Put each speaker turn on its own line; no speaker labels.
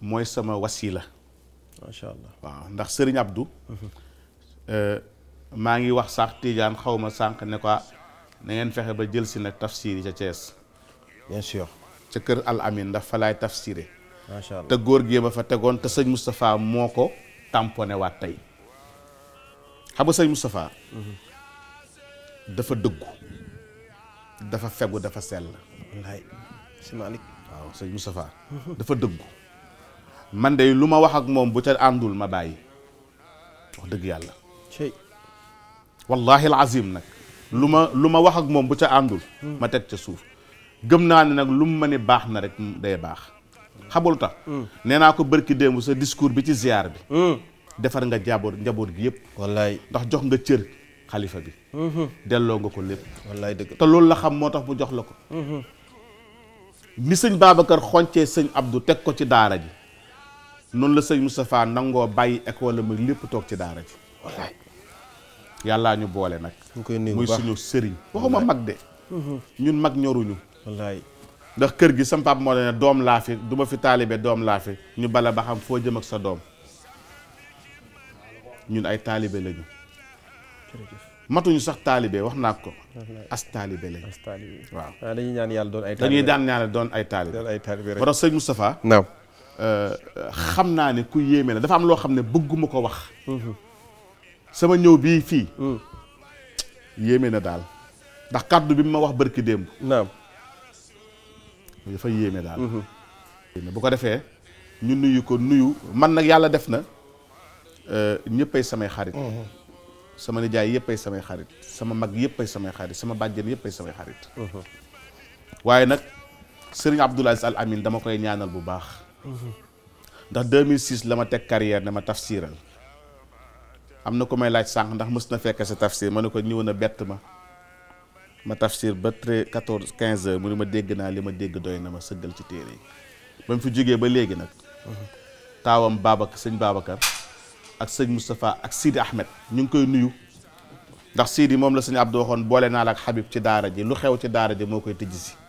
mooy sama wasila. macha allah waaw ndax Serigne Abdou. Euh, maa ngi wax sax Tidiane xaw ma sànq ne ko na ngeen fexe ba jël si nag tafsir yi ca Thiès. ca kër Al Amin ndax fa laay tafsiré. te góor gi ma fa tegoon te sëñ Moustapha moo ko tamponné waat tey xam nga sëñ Moustapha. dafa dëggu. dafa fegu dafa sell. waaw sëñ Moustapha. dafa dëggu. man de lu ma wax ak moom bu ca àndul ma bàyyi wax dëgg yàlla wallahi alazim nag lu ma lu ma wax ak moom bu ca àndul hmm. ma teg ca suuf gëm naa ne nag lu mu ma ne baax na rek day baax xamul tax hmm. nee naa ko bërki démb sa discours bi ci ziar bi hmm. defar nga jaboot njaboot gi yëpp wallaay ndax jox nga cër xalifa bi delloo nga ko lépp wallaay dëgg te loolu la xam moo tax mu jox la ko ni sëñ Babacar xoncee sëñ Abdou teg ko ci daara ji noonu la sëñ Moustapha nangoo bàyyi école am ak lépp toog ci daara ji yàllaa ñu boole nag muy suñu sëriñ waxuma mag de mhm. ñun mag ñoruñu wallaay ndax kër gi sama papa moo la doom laa fi du ma fi taalibe doom laa fi ñu bala ba xam foo jëm ak sa doom ñun ay taalibe lañu matuñu sax taalibe wax naa ko as taalibe lañu waaw ah, dañuy ñaan yàlla doon ay taalibe dañuy daan ñaan doon ay taalibe doon ay taalibe xam naa ne ku yéeme la dafa am loo xam ne bëgguma ko wax sama ñëw bii fii yéeme na daal ndax kàddu bi ma wax bërki démb naam mhm. yéeme bu ko defee ñu nuyu ko nuyu man nag yàlla def na euh, ñëppay samay xarit mhm. sama nijaay yëppay samay xarit sama mag yëppay samay xarit sama bàjjen yëppay samay xarit mhm. waaye nag sëriñ Abdoul Al Amine dama koy ñaanal bu baax ndax 2006 la ma teg carrière ne ma tafsiral am na ku may laaj sànq ndax mës na fekk sa tafsir ma ne ko ñëw na bett ma ma tafsir ba très 14 15 heures mu ne ma dégg naa li ma dégg doy na ma sëggal ci téere yi ba mu fi jógee ba léegi nag taawam Babacar sëñ Babacar ak sëñ Moustapha ak Sidi Ahmed ñu ngi koy nuyu ndax Sidi moom la sëñ Abdou waxoon boole naa la ak Habib ci daara ji lu xew ci daara ji moo koy tëj si